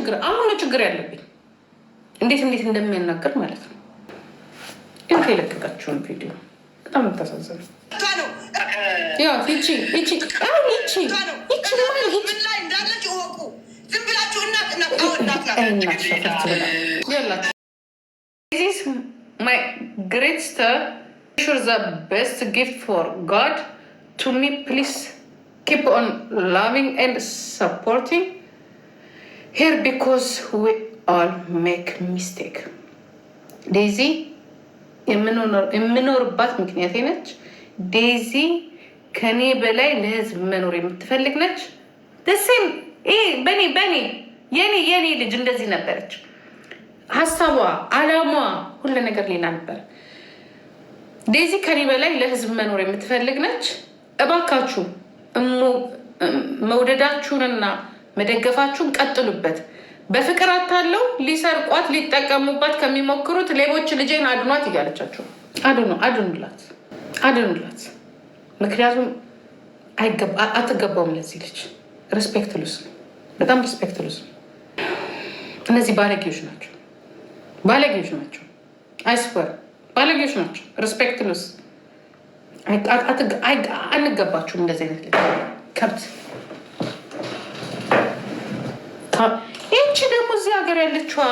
ችግር አሁን ነው ችግር ያለብኝ። እንዴት እንዴት እንደሚያናገር ማለት ነው። ይህ የለቀቀችውን ቪዲዮ በጣም የምታሳዝነው ፕሊስ ኪፕ ኦን ላቪንግ ኤንድ ሰፖርቲንግ ሄር ቢኮዝ ዊ ኦል ሜክ ሚስቴክ ዴዚ የምኖርባት ምክንያት ነች። ዴዚ ከኔ በላይ ለህዝብ መኖር የምትፈልግ ነች። ደሴም በኔ በኔ የኔ የኔ ልጅ እንደዚህ ነበረች። ሀሳቧ፣ አላማዋ፣ ሁሉ ነገር ሌላ ነበር። ዴዚ ከኔ በላይ ለህዝብ መኖር የምትፈልግ ነች። እባካችሁ መውደዳችሁንና መደገፋችሁን ቀጥሉበት። በፍቅር አታለው ሊሰርቋት ሊጠቀሙባት ከሚሞክሩት ሌቦች ልጄን አድኗት እያለቻችሁ አድኑ፣ አድኑላት፣ አድኑላት። ምክንያቱም አትገባውም ለዚህ ልጅ ሪስፔክት ሉስ በጣም ሪስፔክት ሉስ እነዚህ ባለጌዎች ናቸው፣ ባለጌዎች ናቸው። አይስበር ባለጌዎች ናቸው። ሪስፔክት ሉስ አንገባችሁም። እንደዚህ አይነት ልጅ ከብት ይቺ ደግሞ እዚህ ሀገር ያለችዋ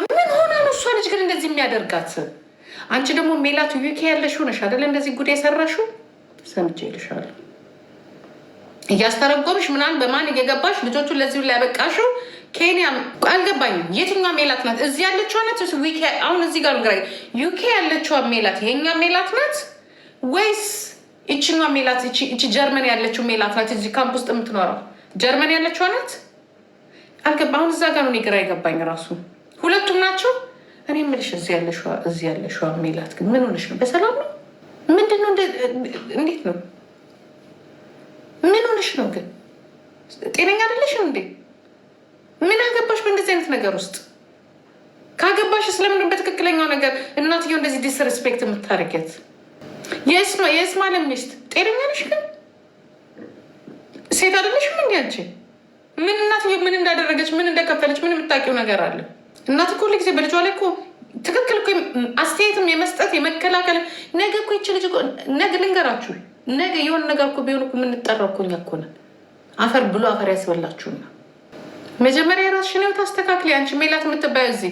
ምን ሆና ነው እሷ ልጅ ግን እንደዚህ የሚያደርጋት? አንቺ ደግሞ ሜላት ዩኬ ያለሽው ነሽ አይደለ? እንደዚህ ጉዳይ የሰራሽው ሰምቼ እያስተረጎምሽ ምናምን በማን እየገባሽ ልጆቹን ለዚሁ ላይ ኬንያ አልገባኝም። የትኛዋ ሜላት ናት? እዚህ ያለችዋ ናት? አሁን እዚህ ጋር ግራ ዩኬ ያለችዋ ሜላት የኛ ሜላት ናት ወይስ ሜላት? ጀርመን ያለችው ሜላት ናት? እዚህ ካምፕ ውስጥ የምትኖረው ጀርመን ያለችዋ ናት? አልገባሁን እዛ ጋር ነው እኔ ግራ የገባኝ ራሱ ሁለቱም ናቸው። እኔ የምልሽ እዚህ ያለሽ ሜላት ግን ምን ሆነሽ ነው? በሰላም ነው? ምንድን ነው? እንዴት ነው? ምን ሆነሽ ነው? ግን ጤነኛ አይደለሽም እንዴ? ምን አገባሽ በእንደዚህ አይነት ነገር ውስጥ? ካገባሽ ስለምንድን በትክክለኛው ነገር እናትየው እንደዚህ ዲስሬስፔክት የምታደርጊያት? የእስማኤል ለሚስት ጤነኛ ነሽ? ግን ሴት አይደለሽም እንዲ አንቺ ምን እናት ምን እንዳደረገች ምን እንደከፈለች ምን የምታውቂው ነገር አለ? እናት እኮ ሁልጊዜ በልጇ ላይ እኮ ትክክል አስተያየትም የመስጠት የመከላከል ነገ እኮ ይች ልጅ ነገ ልንገራችሁ፣ ነገ የሆነ ነገር እኮ ቢሆን እኮ የምንጠራው እኮ እኛ እኮ ነን። አፈር ብሎ አፈር ያስበላችሁና መጀመሪያ የራስሽን ህይወት አስተካክል። አንቺ ሜላት የምትባዩ እዚህ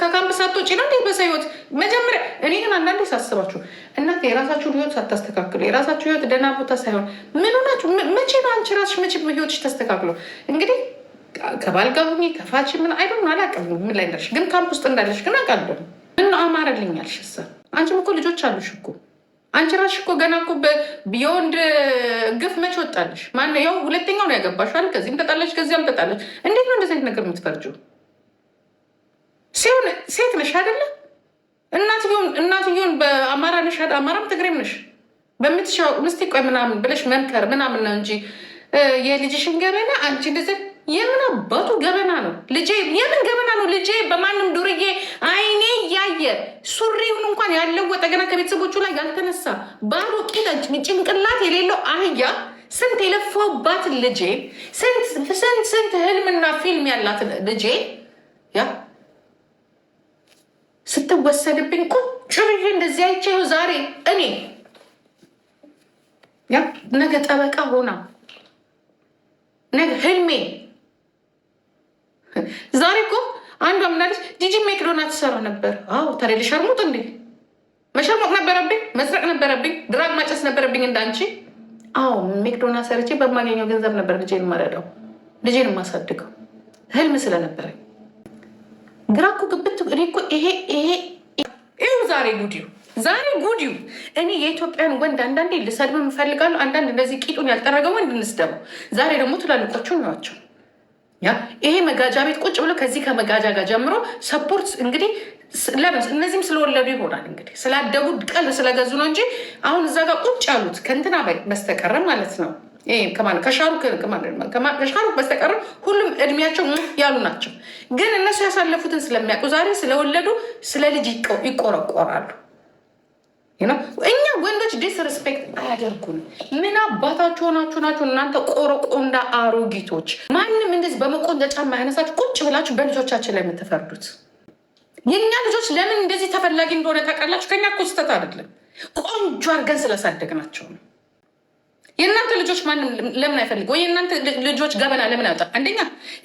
ከካምፕ ሳትወጪ ነው እንዴ በሰው ህይወት መጀመሪያ። እኔ ግን አንዳንዴ ሳስባችሁ እናት የራሳችሁን ህይወት ሳታስተካክሉ የራሳችሁ ህይወት ደህና ቦታ ሳይሆን ምን ሆናችሁ? መቼ ነው አንቺ ራስሽ መቼ ህይወትሽ ተስተካክሎ? እንግዲህ ከባል ከፋች ምን አይ አላውቅም፣ ምን ላይ እንዳለሽ ግን ካምፕ ውስጥ እንዳለሽ ግን አውቃለሁ። ምን አማረልኛል ሽሰ አንቺም እኮ ልጆች አሉሽ እኮ አንቺ ራስሽ እኮ ገና እኮ ቢዮንድ ግፍ መች ወጣለሽ? ማነው ያው ሁለተኛው ነው ያገባሽዋል። ከዚህም ተጣለሽ፣ ከዚያም ተጣለሽ። እንዴት ነው እንደዚህ ነገር የምትፈርጂው? ሲሆን ሴት ነሽ አይደለ? እናትዮን በአማራ ነሽ አይደል? አማራም ትግሬም ነሽ። በምትሻው ምስቲ ቆይ ምናምን ብለሽ መንከር ምናምን ነው እንጂ የልጅሽን ገበና አንቺ እንደዚህ የምን አባቱ ገበና ነው ልጄ? የምን ገበና ነው ልጄ? በማንም ዱርዬ አይኔ እያየ ሱሪውን እንኳን ያለወጠ ገና ከቤተሰቦቹ ላይ ያልተነሳ ባዶ ጭንቅላት የሌለው አህያ ስንት የለፋውባት ልጄ ስንት ስንት ህልምና ፊልም ያላትን ልጄ ያ ስትወሰድብኝ ቁጭ ብዬ እንደዚህ አይቼ ዛሬ እኔ ያ ነገ ጠበቃ ሆና ነገ ህልሜ ዛሬ እኮ አንዷ ምናለች ጂጂ ሜክዶና ትሰራ ነበር። አዎ ታዲያ ልሸርሙጥ እንዴ? መሸርሙጥ ነበረብኝ፣ መስረቅ ነበረብኝ፣ ድራግ ማጨስ ነበረብኝ እንዳንቺ። አዎ ሜክዶና ሰርቼ በማገኘው ገንዘብ ነበር ልጄን መረዳው፣ ልጄን የማሳድገው ህልም ስለነበረኝ። ግራ እኮ ግብት እኮ ይሄ ይሄ ይሁ ዛሬ ጉዲዩ ዛሬ ጉዲዩ እኔ የኢትዮጵያን ወንድ አንዳንዴ ልሰድብም እፈልጋለሁ። አንዳንድ እንደዚህ ቂጡን ያልጠረገ ወንድ እንስደበው። ዛሬ ደግሞ ትላልቆቹ ናቸው ይሄ መጋጃ ቤት ቁጭ ብሎ ከዚህ ከመጋጃ ጋር ጀምሮ ሰፖርት እንግዲህ ለምን እነዚህም ስለወለዱ ይሆናል እንግዲህ ስላደጉ ቀል ስለገዙ ነው እንጂ አሁን እዛ ጋር ቁጭ ያሉት ከእንትና በስተቀረ ማለት ነው ከሻሩ በስተቀረ ሁሉም እድሜያቸው ያሉ ናቸው። ግን እነሱ ያሳለፉትን ስለሚያውቁ ዛሬ ስለወለዱ ስለ ልጅ ይቆረቆራሉ። እኛ ወንዶች ዲስሪስፔክት አያደርጉን። ምን አባታችሁ ሆናችሁ ናችሁ እናንተ ቆረቆንዳ አሮጊቶች? ማንም እንደዚህ ጫማ ያነሳችሁ ቁጭ ብላችሁ በልጆቻችን ላይ የምትፈርዱት የእኛ ልጆች ለምን እንደዚህ ተፈላጊ እንደሆነ ታውቃላችሁ? ከኛ እኮ ስህተት አይደለም ቆንጆ አድርገን ናቸው። ነው። የእናንተ ልጆች ማንም ለምን አይፈልግ? ወይ የእናንተ ልጆች ገበና ለምን ያውጣ? አንደኛ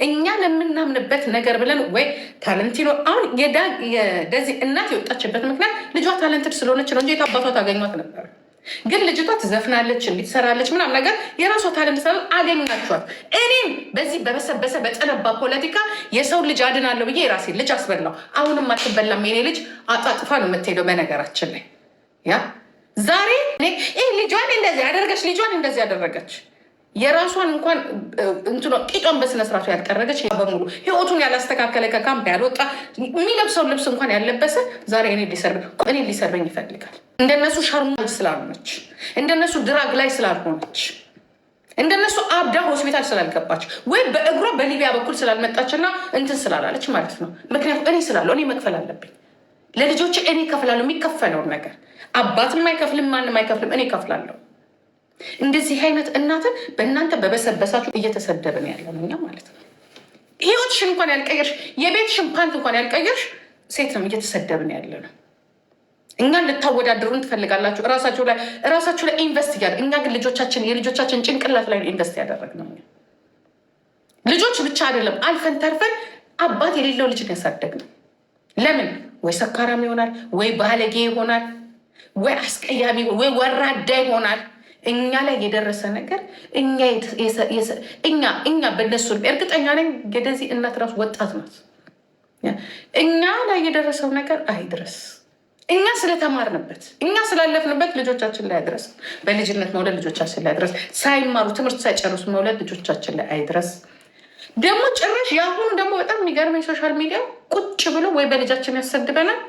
እኛ ለምናምንበት ነገር ብለን ወይ ታለንቲኖ አሁን የደዚህ እናት የወጣችበት ምክንያት ልጇ ታለንትድ ስለሆነች ነው እንጂ የታባቷ ታገኟት ነበር። ግን ልጅቷ ትዘፍናለች፣ እንዲትሰራለች ምናም ነገር የራሷ ታለንት ሰበብ አገኟቸዋት። እኔም በዚህ በበሰበሰ በጠነባ ፖለቲካ የሰው ልጅ አድናለሁ ብዬ የራሴ ልጅ አስበላው። አሁንም አትበላም የኔ ልጅ አጣጥፋ ነው የምትሄደው በነገራችን ላይ ያ ልጇን እንደዚህ ያደረገች ልጇን እንደዚህ ያደረገች የራሷን እንኳን እንትኖ ቂጧን በስነስርዓቱ ያልጠረገች በሙሉ ህይወቱን ያላስተካከለ ከካምፕ ያልወጣ የሚለብሰው ልብስ እንኳን ያለበሰ ዛሬ እኔ እኔ ሊሰርበኝ ይፈልጋል። እንደነሱ ሻርማች ስላልሆነች፣ እንደነሱ ድራግ ላይ ስላልሆነች፣ እንደነሱ አብዳ ሆስፒታል ስላልገባች ወይም በእግሯ በሊቢያ በኩል ስላልመጣችና እንትን ስላላለች ማለት ነው። ምክንያቱም እኔ ስላለሁ እኔ መክፈል አለብኝ ለልጆች እኔ ከፍላለሁ የሚከፈለውን ነገር አባትም አይከፍልም፣ ማንም አይከፍልም። እኔ እከፍላለሁ። እንደዚህ አይነት እናትን በእናንተ በበሰበሳችሁ እየተሰደብን ያለ እኛ ማለት ነው። ህይወትሽን እንኳን ያልቀየርሽ የቤትሽን ፓንት እንኳን ያልቀየርሽ ሴት ነው እየተሰደብን ያለ ነው። እኛን ልታወዳድሩን ትፈልጋላችሁ እራሳችሁ ላይ እራሳችሁ ላይ ኢንቨስት እያደ እኛ ግን ልጆቻችን የልጆቻችን ጭንቅላት ላይ ኢንቨስት ያደረግነው ልጆች ብቻ አይደለም፣ አልፈን ተርፈን አባት የሌለው ልጅ ነው ያሳደግነው። ለምን ወይ ሰካራም ይሆናል ወይ ባለጌ ይሆናል ወይ አስቀያሚ ወይ ወራዳ ይሆናል። እኛ ላይ የደረሰ ነገር እኛ እኛ በነሱ እርግጠኛ ነኝ ገደዚህ እናት ራሱ ወጣት ናት። እኛ ላይ የደረሰው ነገር አይድረስ። እኛ ስለተማርንበት እኛ ስላለፍንበት ልጆቻችን ላይ አይድረስ። በልጅነት መውለድ ልጆቻችን ላይ አይድረስ። ሳይማሩ ትምህርት ሳይጨርሱ መውለድ ልጆቻችን ላይ አይድረስ። ደግሞ ጭራሽ የአሁኑ ደግሞ በጣም የሚገርመኝ ሶሻል ሚዲያ ቁጭ ብሎ ወይ በልጃችን ያሰድበናል፣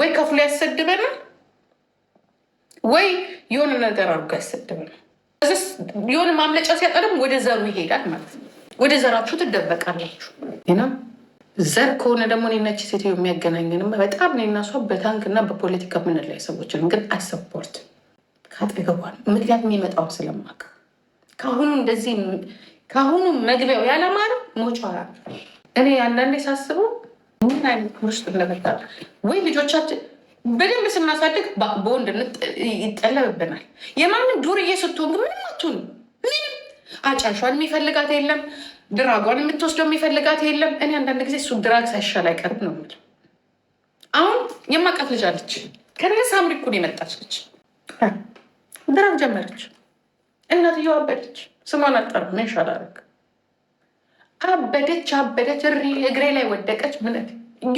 ወይ ከፍሎ ያሰድበናል ወይ የሆነ ነገር አድርጎ ያሰድብን የሆነ ማምለጫ ሲያጠርም ወደ ዘሩ ይሄዳል ማለት ነው። ወደ ዘራችሁ ትደበቃላችሁ። ዘር ከሆነ ደግሞ እኔናች ሴት የሚያገናኝን በጣም እኔና እሷ በታንክ እና በፖለቲካ የምንለያይ ሰዎችን ግን አይሰፖርት ካጠገቧል። ምክንያቱም የሚመጣውን ስለማቅ ከአሁኑ እንደዚህ ከአሁኑ መግቢያው ያለማር ሞጫዋላ እኔ አንዳንዴ ሳስበው ምን አይነት ውስጥ እንደመጣ ወይ ልጆቻችን በደንብ ስናሳድግ በወንድነት ይጠለብብናል። የማንም ዱርዬ ስትሆን ግን ምንም አትሆንም። ምንም አጫሿን የሚፈልጋት የለም፣ ድራጓን የምትወስደው የሚፈልጋት የለም። እኔ አንዳንድ ጊዜ እሱ ድራግ ሳይሻል አይቀርም ነው የምልህ። አሁን የማውቃት ልጅ አለች፣ ከነገ ሳምሪ እኮ ነው የመጣች ልጅ። ድራግ ጀመረች፣ እናትየው አበደች። ስሟን አጠር ነው ይሻላል። አበደች አበደች፣ እሪ እግሬ ላይ ወደቀች። ምነት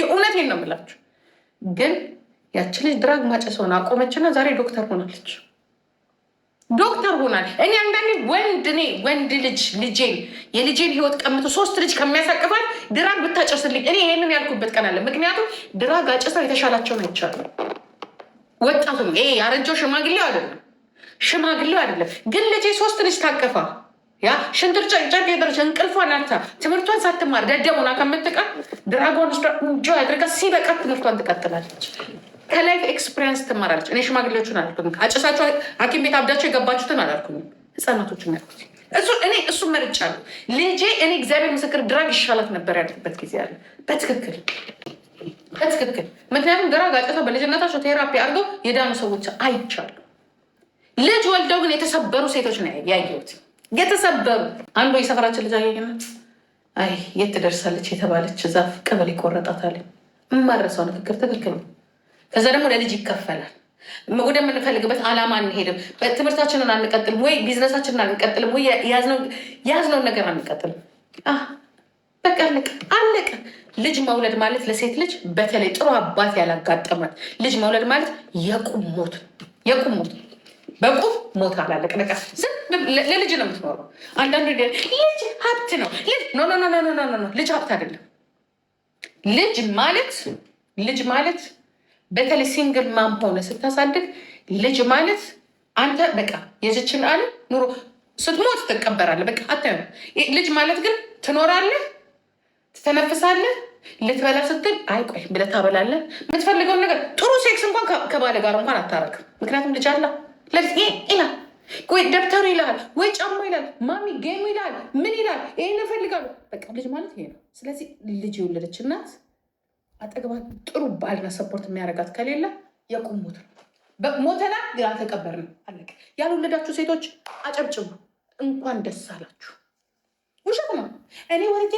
የእውነቴን ነው የምላችሁ ግን ያቺ ልጅ ድራግ ማጨስ ሆና አቆመችና ዛሬ ዶክተር ሆናለች። ዶክተር ሆናል። እኔ አንዳንዴ ወንድ እኔ ወንድ ልጅ ልጄን የልጄን ህይወት ቀምቶ ሶስት ልጅ ከሚያሳቅፋል ድራግ ብታጨስልኝ እኔ ይህንን ያልኩበት ቀን አለ። ምክንያቱም ድራግ አጨሰው የተሻላቸውን አይቻሉ ወጣቱም ይሄ ያረጀው ሽማግሌው አይደለም ሽማግሌው አይደለም። ግን ልጄ ሶስት ልጅ ታቀፋ ያ ሽንትር የደረች እንቅልፏን አታ ትምህርቷን ሳትማር ደደሙና ከምትቀር ድራጎን ውስጥ እንጆ ያድርጋ ሲበቃት ትምህርቷን ትቀጥላለች። ከላይፍ ኤክስፒሪንስ ትማራለች። እኔ ሽማግሌዎችን አላልኩም። አጭሳችሁ ሐኪም ቤት አብዳቸው የገባችሁትን አላልኩም። ህፃናቶችን ያልኩት እሱ እኔ እሱ መርጫለሁ። ልጄ እኔ እግዚአብሔር ምስክር ድራግ ይሻላት ነበር ያልኩበት ጊዜ አለ። በትክክል በትክክል። ምክንያቱም ድራግ አጭተው በልጅነታቸው ቴራፒ አድርገው የዳኑ ሰዎች አይቻሉ። ልጅ ወልደው ግን የተሰበሩ ሴቶች ነው ያየሁት። የተሰበሩ አንዱ የሰፈራችን ልጅ አየኝና አይ የት ደርሳለች የተባለች ዛፍ ቅበል ይቆረጣታል። እማረሰው ንግግር ትክክል ነው። ከዛ ደግሞ ለልጅ ይከፈላል። ወደ የምንፈልግበት አላማ አንሄድም። ትምህርታችንን አንቀጥልም ወይ ቢዝነሳችንን አንቀጥልም ወይ ያዝነውን ነገር አንቀጥልም። በቃ አለቀ አለቀ። ልጅ መውለድ ማለት ለሴት ልጅ በተለይ ጥሩ አባት ያላጋጠማት ልጅ መውለድ ማለት የቁም ሞት፣ የቁም ሞት። በቁም ሞት አላለቀ በቃ ለልጅ ነው የምትኖረው። አንዳንዱ ልጅ ሀብት ነው። ኖ ልጅ ሀብት አይደለም። ልጅ ማለት ልጅ ማለት በተለይ ሲንግል ማም ሆነ ስታሳድግ ልጅ ማለት አንተ በቃ የዚችን ዓለም ኑሮ ስትሞት ትቀበራለ። በቃ አታ ልጅ ማለት ግን ትኖራለህ፣ ትተነፍሳለህ። ልትበላ ስትል አይቆይ ብለህ ታበላለህ። የምትፈልገውን ነገር ጥሩ ሴክስ እንኳን ከባለ ጋር እንኳን አታረግም። ምክንያቱም ልጅ አላ ለዚህ ይላል ወይ ደብተሩ ይላል ወይ ጫማ ይላል ማሚ ጌሙ ይላል ምን ይላል ይህን እፈልጋለሁ። በቃ ልጅ ማለት ይሄ ነው። ስለዚህ ልጅ የወለደች እናት አጠገባት ጥሩ ባልና ሰፖርት የሚያደርጋት ከሌለ የቁም ሞት ነው። ሞተና ግራ ተቀበር ነው። አለቀ። ያልወለዳችሁ ሴቶች አጨብጭቡ፣ እንኳን ደስ አላችሁ። ውሸት ነው። እኔ ምድ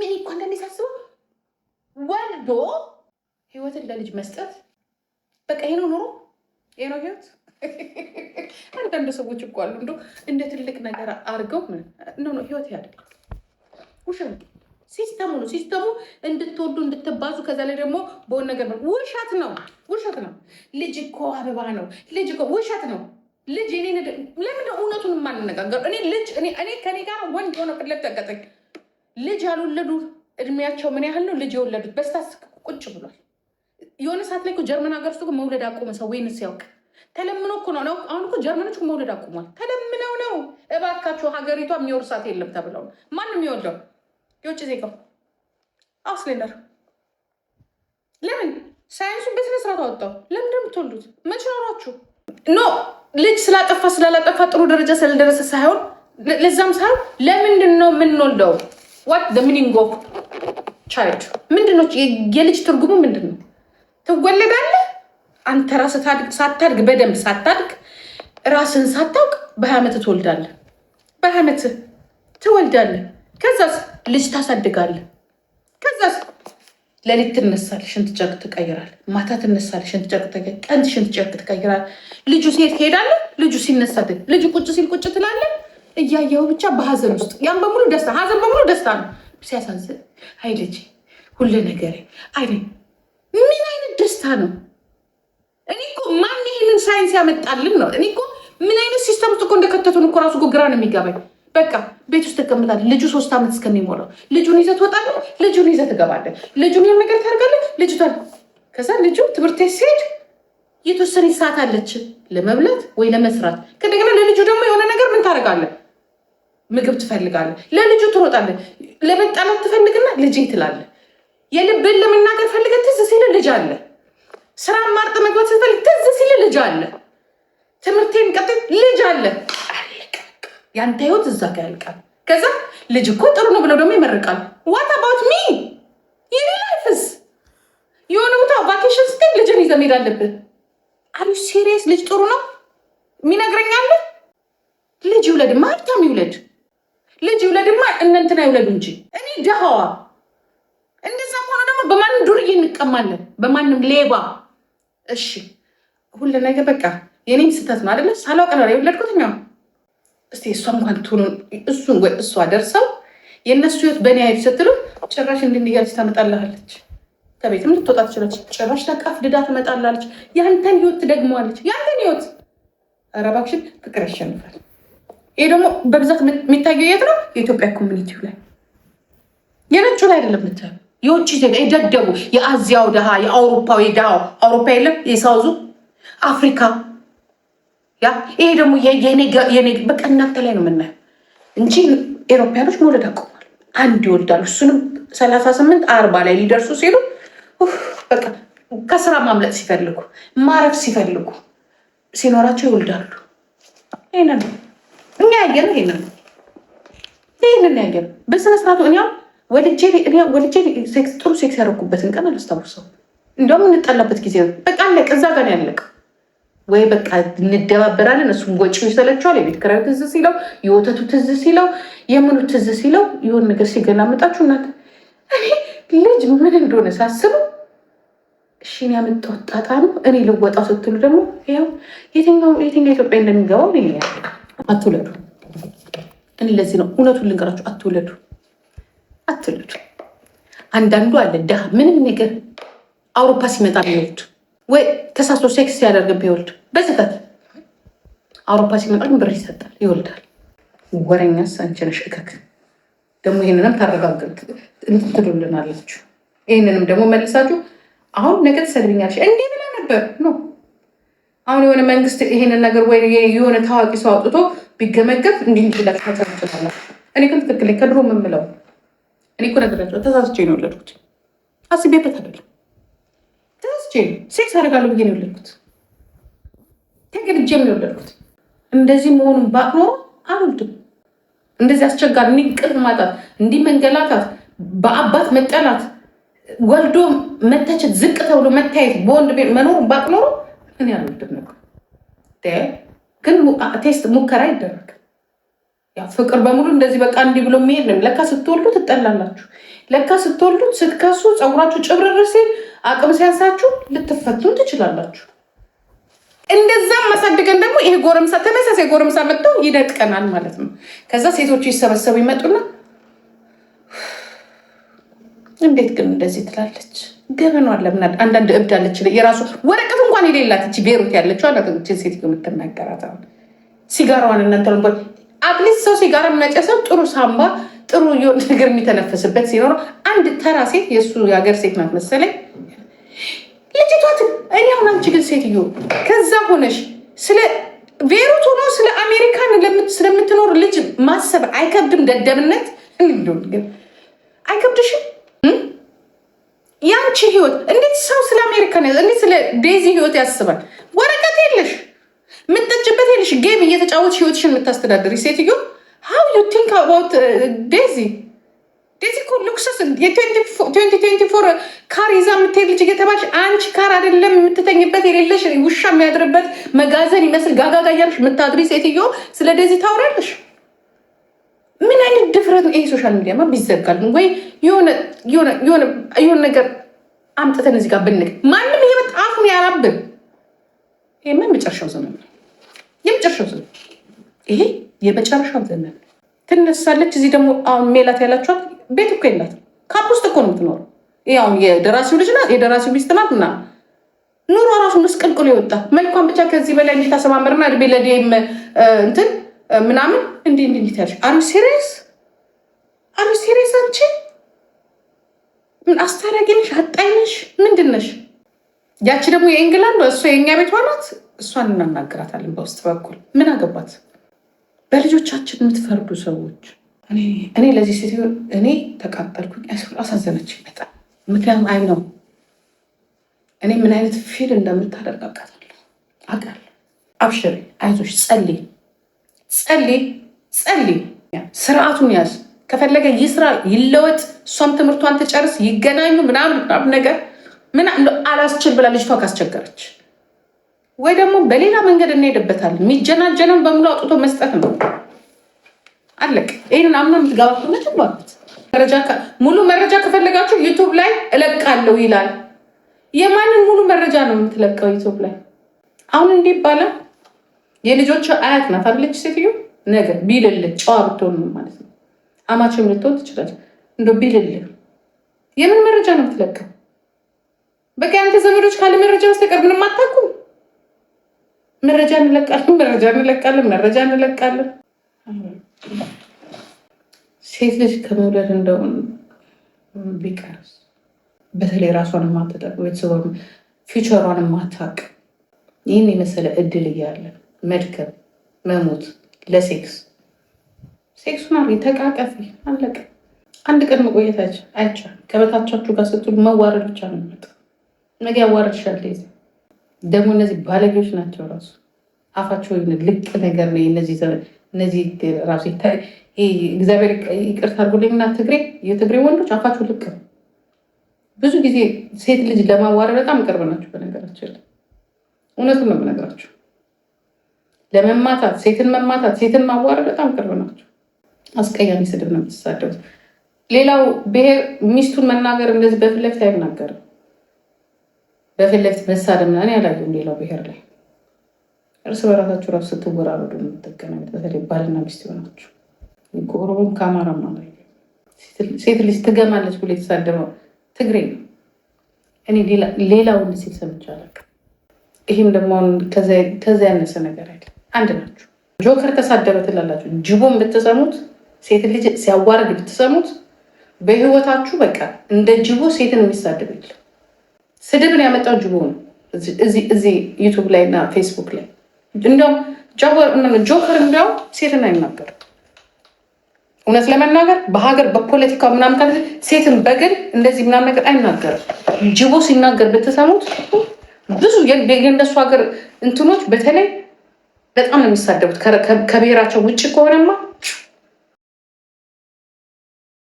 ምን እኮ እንደሚሳስበው ወልዶ ህይወትን ለልጅ መስጠት በቃ ይሄ ነው ኑሮ፣ ይሄ ነው ህይወት። አንዳንድ ሰዎች እኮ አሉ እንደ እንደ ትልቅ ነገር አድርገው ነው ህይወት ያደርጋል። ውሸት ሲስተሙ ነው። ሲስተሙ እንድትወዱ እንድትባዙ፣ ከዛ ላይ ደግሞ በሆን ነገር ውሸት ነው፣ ውሸት ነው። ልጅ እኮ አበባ ነው፣ ልጅ እኮ ውሸት ነው። ልጅ እኔ ለምን እውነቱን የማንነጋገር እኔ ልጅ እኔ ከኔ ጋር ወንድ የሆነ ፊት ያጋጠኝ ልጅ ያልወለዱ እድሜያቸው ምን ያህል ነው? ልጅ የወለዱት በስታስ ቁጭ ብሏል። የሆነ ሰዓት ላይ ጀርመን ሀገር ውስጥ መውለድ አቆመ ሰው ወይን ሲያውቅ ተለምኖ እኮ ነው። አሁን እኮ ጀርመኖች መውለድ አቁሟል። ተለምነው ነው እባካቸው ሀገሪቷ የሚወርሳት የለም ተብለው ማንም የሚወልደው የውጭ ዜጋው አውስሌንደር ለምን ሳይንሱን በስነ አወጣው? ለምን እንደምትወልዱት መች ኖሯችሁ ኖ ልጅ ስላጠፋ ስላላጠፋ ጥሩ ደረጃ ስለደረሰ ሳይሆን ለዛም ሳይሆን ለምንድን ነው የምንወልደው? ዋት ሚኒንግ ኦፍ ቻይልድ ምንድን ነው? የልጅ ትርጉሙ ምንድን ነው? ትወለዳለህ አንተ ራስህ ሳታድግ በደንብ ሳታድግ ራስህን ሳታውቅ በሀያ ዓመት ትወልዳለህ። በሀያ ዓመት ትወልዳለህ። ከዛስ ልጅ ታሳድጋለ። ከዛስ ሌሊት ትነሳል፣ ሽንት ጨርቅ ትቀይራል ማታ ትነሳል፣ ሽንት ጨርቅ ትቀይራለህ። ሽንት ጨርቅ ትቀይራል ልጁ ሴት ትሄዳለ። ልጁ ሲነሳ ልጁ ቁጭ ሲል ቁጭ ትላለ። እያየው ብቻ በሀዘን ውስጥ ያን በሙሉ ደስታ ሀዘን በሙሉ ደስታ ነው። ሲያሳዝን አይ ልጅ ሁሉ ነገር አይ ምን አይነት ደስታ ነው? እኔ እኮ ማን ይህንን ሳይንስ ያመጣልን ነው? እኔ እኮ ምን አይነት ሲስተም ውስጥ እኮ እንደከተቱን እኮ ራሱ ግራ ነው የሚገባኝ። በቃ ቤት ውስጥ ተቀምጣል። ልጁ ሶስት ዓመት እስከሚሞላው ልጁን ይዘህ ትወጣለህ። ልጁን ይዘህ ትገባለህ። ልጁን የሆነ ነገር ታደርጋለህ። ልጁ ከዛ ልጁ ትምህርት ቤት ሲሄድ የተወሰነ ሰዓት አለች ለመብላት ወይ ለመስራት። ከእንደገና ለልጁ ደግሞ የሆነ ነገር ምን ታደርጋለህ? ምግብ ትፈልጋለህ። ለልጁ ትሮጣለህ። ለመጣላት ትፈልግና ልጅ ትላለህ። የልብን ለመናገር ፈልገህ ትዝ ሲል ልጅ አለ። ስራ ማርጥ መግባት ስትፈልግ ትዝ ሲል ልጅ አለ። ትምህርቴን ቀጥ ልጅ አለ። ያንተ ህይወት እዛ ጋ ያልቃል። ከዛ ልጅ እኮ ጥሩ ነው ብለው ደግሞ ይመርቃል። ዋት አባውት ሚ የኔ ላይፍስ የሆነ ቦታ ቫኬሽን ስትሄድ ልጅን ይዘህ መሄድ አለብህ። አሪ ሴሪየስ ልጅ ጥሩ ነው የሚነግረኛለ። ልጅ ይውለድማ ሀብታም ይውለድ፣ ልጅ ይውለድማ እነንትና ይውለዱ እንጂ እኔ ደሃዋ። እንደዛ ሆነ ደግሞ በማንም ዱርዬ እንቀማለን፣ በማንም ሌባ። እሺ ሁሉ ነገር በቃ የኔም ስህተት ነው አደለ? ሳላውቅ ነው የወለድኩት። እስቲ እሷ እንኳን ትሆኑ እሱን ወይ እሷ ደርሰው የእነሱ ህይወት በእኔ አይፍ ስትሉ ጭራሽ እንድንያልች ታመጣላለች። ከቤትም ልትወጣ ትችላለች። ጭራሽ ተካፍ ድዳ ትመጣላለች። ያንተን ህይወት ትደግመዋለች። ያንተን ህይወት ኧረ እባክሽን ፍቅር ያሸንፋል። ይሄ ደግሞ በብዛት የሚታየው የት ነው? የኢትዮጵያ ኮሚኒቲ ላይ የነጩ ላይ አይደለም ምታየው። የውጭ ዜጋ የደደቡ የአዚያው ድሃ የአውሮፓዊ ድሃ አውሮፓ የለም የሳውዙ አፍሪካ ያ ይሄ ደግሞ በቃ እናንተ ላይ ነው የምናየው እንጂ ኤሮፓያኖች መውለድ አቆማል። አንድ ይወልዳሉ። እሱንም ሰላሳ ስምንት አርባ ላይ ሊደርሱ ሲሉ በቃ ከስራ ማምለጥ ሲፈልጉ ማረፍ ሲፈልጉ ሲኖራቸው ይወልዳሉ። ይህንን እኛ ያየነው ይህንን ይህንን ያየነው በስነስርዓቱ እኛም ወልጄ ጥሩ ሴክስ ያደረኩበትን ቀን አላስታውሰው። እንዲያውም እንጠላበት ጊዜ ነው። በቃ አለቀ። እዛ ጋር ያለቀ ወይ በቃ እንደባበራለን። እሱም ጎጭ ይሰለችዋል። የቤት ክራዩ ትዝ ሲለው፣ የወተቱ ትዝ ሲለው፣ የምኑ ትዝ ሲለው የሆነ ነገር ሲገላመጣችሁ እናት ልጅ ምን እንደሆነ ሳስበው እሺን ያመጣው ጣጣ ነው። እኔ ልወጣው ስትሉ ደግሞ ያው የትኛው ኢትዮጵያ እንደሚገባው ይለኛል። አትውለዱ። እኔ ለዚህ ነው እውነቱን ልንገራችሁ፣ አትውለዱ፣ አትውለዱ። አንዳንዱ አለ ድሀ ምንም ነገር አውሮፓ ሲመጣ ሚወዱ ወይ ተሳስቶ ሴክስ ሲያደርግ ቢወልድ በስህተት አውሮፓ ሲመጣ ግን ብር ይሰጣል፣ ይወልዳል። ወረኛስ አንቺ ነሽ። እከክ ደግሞ ይህንንም ታረጋግጥ ትሉልናላችሁ። ይህንንም ደግሞ መልሳችሁ አሁን ነገ ትሰድብኛለሽ እንዲህ ብላ ነበር ነው። አሁን የሆነ መንግስት ይሄንን ነገር ወይ የሆነ ታዋቂ ሰው አውጥቶ ቢገመገብ እንዲህ እንዲላችሁ ታዘብችላላችሁ። እኔ ግን ትክክል ከድሮ የምምለው እኔ እኮ ነግራቸው ተሳስቼ ነው የወለድኩት አስቤበት አይደለም። ተሳስቼ ሴክስ አደርጋለሁ ብዬ ነው የወለድኩት። ተገድጄም ነው የወለድኩት። እንደዚህ መሆኑን ባቅኖ አልወልድም። እንደዚህ አስቸጋሪ እንዲህ እንቅልፍ ማጣት፣ እንዲህ መንገላታት፣ በአባት መጠላት፣ ወልዶ መተቸት፣ ዝቅ ተብሎ መታየት፣ በወንድ ቤት መኖሩን ባቅኖሮ እኔ አልወልድም ነበር። ግን ቴስት ሙከራ ይደረግ። ፍቅር በሙሉ እንደዚህ በቃ እንዲህ ብሎ የሚሄድ ነው። ለካ ስትወልዱ ትጠላላችሁ። ለካ ስትወልዱት ስትከሱ ፀጉራችሁ ጭብርርሴ አቅም ሲያንሳችሁ ልትፈቱን ትችላላችሁ። እንደዛም ማሳድገን ደግሞ ይሄ ጎረምሳ ተመሳሳይ ጎረምሳ መጥቶ ይነጥቀናል ማለት ነው። ከዛ ሴቶቹ ይሰበሰቡ ይመጡና እንዴት ግን እንደዚህ ትላለች? ገበኗ ለምን አንዳንድ እብድ አለች የራሱ ወረቀት እንኳን የሌላት እቺ ቤሩት ያለችው አላቶችን ሴት የምትናገራት ሲጋራዋን እናንተ አትሊስት ሰው ሲጋራ የሚያጨሰው ጥሩ ሳምባ ጥሩ ነገር የሚተነፈስበት ሲኖረው አንድ ተራ ሴት የእሱ የሀገር ሴት ናት መሰለኝ ልጅቷት። እኔ አሁን አንቺ ግን ሴትዮ ከዛ ሆነሽ ስለ ቤሩት ሆኖ ስለ አሜሪካን ስለምትኖር ልጅ ማሰብ አይከብድም? ደደብነት እንደሆን ግን አይከብድሽም? ያንቺ ህይወት እንዴት ሰው ስለ አሜሪካን እንዴት ስለ ዴዚ ህይወት ያስባል? ወረቀት የለሽ፣ የምትጠጭበት የለሽ፣ ጌም እየተጫወትሽ ህይወትሽን የምታስተዳድር ሴትዮ ሀው ዩ ቲንክ አባውት ዴዚ ዴዚ እኮ ሉክሱስ የትዌንቲ ፎር ካር ይዛ የምትሄድ ልጅ እየተባለች አንቺ ካር አይደለም የምትተኝበት የሌለሽ ውሻ የሚያድርበት መጋዘን ይመስል ጋጋጋ እያልሽ የምታድሪ ሴትዮ ስለ ዴዚ ታውራለሽ? ምን አይነት ድፍረት ነው ይሄ? ሶሻል ሚዲያማ ቢዘጋል ወይ የሆነ ነገር አምጥተን እዚህ ጋር ብንግ ማንም እየመጣ አፉን ያላብን። ይሄማ የመጨረሻው ዘመን የመጨረሻው ዘመን ይሄ የመጨረሻው ዘመን ትነሳለች። እዚህ ደግሞ አሁን ሜላት ያላችኋት ቤት እኮ የላት ካፕ ውስጥ እኮ ነው የምትኖረው። ያው የደራሲው ልጅ ናት፣ የደራሲው ሚስት ናት። እና ኑሮ ራሱ ምስቅልቅሉ የወጣ መልኳን ብቻ ከዚህ በላይ እንዴት አሰማመርና እድሜ ለእኔም እንትን ምናምን እንዲ እንዲ እንዲት ያለሽ አሪ ሲሪየስ አሪ ሲሪየስ አንቺ ምን አስታራቂንሽ አጣይንሽ ምንድን ነሽ? ያቺ ደግሞ የእንግላንድ እሷ የእኛ ቤት ናት። እሷን እናናገራታለን በውስጥ በኩል ምን አገባት? በልጆቻችን የምትፈርዱ ሰዎች እኔ ለዚህ ሴትዮ እኔ ተቃጠልኩኝ። አሳዘነች ይመጣል። ምክንያቱም አይ ነው እኔ ምን አይነት ፊል እንደምታደርግ አውቃታለሁ አውቃለሁ። አብሽሪ፣ አይዞሽ፣ ጸልይ ጸልይ ጸልይ። ስርዓቱን ያዝ። ከፈለገ ይስራ፣ ይለወጥ፣ እሷም ትምህርቷን ትጨርስ፣ ይገናኙ ምናምን ምናምን ነገር ምን አላስችል ብላ ልጅቷ ካስቸገረች ወይ ደግሞ በሌላ መንገድ እንሄድበታለን። የሚጀናጀነውን በሙሉ አውጥቶ መስጠት ነው። አለቅ ይህንን አምኖ የምትገባ ከሆነች ሙሉ መረጃ ከፈለጋችሁ ዩቱብ ላይ እለቃለሁ ይላል። የማንን ሙሉ መረጃ ነው የምትለቀው ዩቱብ ላይ? አሁን እንዲህ ይባላል። የልጆች አያት ናት አለች ሴትዮ ነገ ቢልልህ ጨዋ ብትሆን ማለት ነው። አማቸው ልትሆን ትችላለች። እንደ ቢልልህ የምን መረጃ ነው የምትለቀው? በቃ ያንተ ዘመዶች ካለ መረጃ በስተቀር ምንም አታውቁም። መረጃ እንለቃለን፣ መረጃ እንለቃለን፣ መረጃ እንለቃለን። ሴት ልጅ ከመውለድ እንደው ቢቀርስ በተለይ ራሷን ማጠጠቅ ቤተሰቧን ፊቸሯን ማታቅ ይህን የመሰለ እድል እያለ መድከም መሞት ለሴክስ ሴክሱን አ ተቃቀፊ አለቀ። አንድ ቀን መቆየታችን አይቻል። ከበታቻችሁ ጋር ስትሉ መዋረድ ብቻ ነው የሚመጣው። ነገ ያዋረድሻል። ደግሞ እነዚህ ባለጌዎች ናቸው። ራሱ አፋቸው ልቅ ነገር ነው። እነዚህ ራሱ እግዚአብሔር ይቅርታ አድርጎልኝና ትግሬ የትግሬ ወንዶች አፋቸው ልቅ ነው። ብዙ ጊዜ ሴት ልጅ ለማዋረድ በጣም ቅርብ ናቸው። በነገራችን እውነቱ ነው የምነግራቸው። ለመማታት ሴትን መማታት፣ ሴትን ማዋረድ በጣም ቅርብ ናቸው። አስቀያሚ ስድብ ነው የምትሳደቡት። ሌላው ብሔር ሚስቱን መናገር እንደዚህ በፊት ለፊት አይናገርም። በፊት ለፊት መሳደብ ምናምን ያላየሁም። ሌላው ብሔር ላይ እርስ በራሳችሁ ራሱ ስትወራረዱ የምትገናኙት በተለይ ባልና ሚስት ሆናችሁ ከኦሮሞም ከአማራም አለ ሴት ልጅ ትገማለች ብሎ የተሳደበው ትግሬ ነው። እኔ ሌላ ወንድ ሴት ሰምቼ አላውቅም። ይህም ደግሞ ከዚ ያነሰ ነገር አይደል። አንድ ናችሁ። ጆከር ተሳደበ ትላላችሁ። ጅቦን ብትሰሙት፣ ሴት ልጅ ሲያዋርድ ብትሰሙት፣ በህይወታችሁ በቃ እንደ ጅቦ ሴትን የሚሳደብ የለም። ስድብን ያመጣው ጅቦ ነው። እዚህ ዩቱብ ላይ እና ፌስቡክ ላይ እንዲያውም ጆከር እንዲያውም ሴትን አይናገርም። እውነት ለመናገር በሀገር በፖለቲካ ምናምን ካለ ሴትን በግል እንደዚህ ምናምን ነገር አይናገርም። ጅቦ ሲናገር ብትሰሙት ብዙ የእንደሱ ሀገር እንትኖች በተለይ በጣም ነው የሚሳደቡት ከብሔራቸው ውጭ ከሆነማ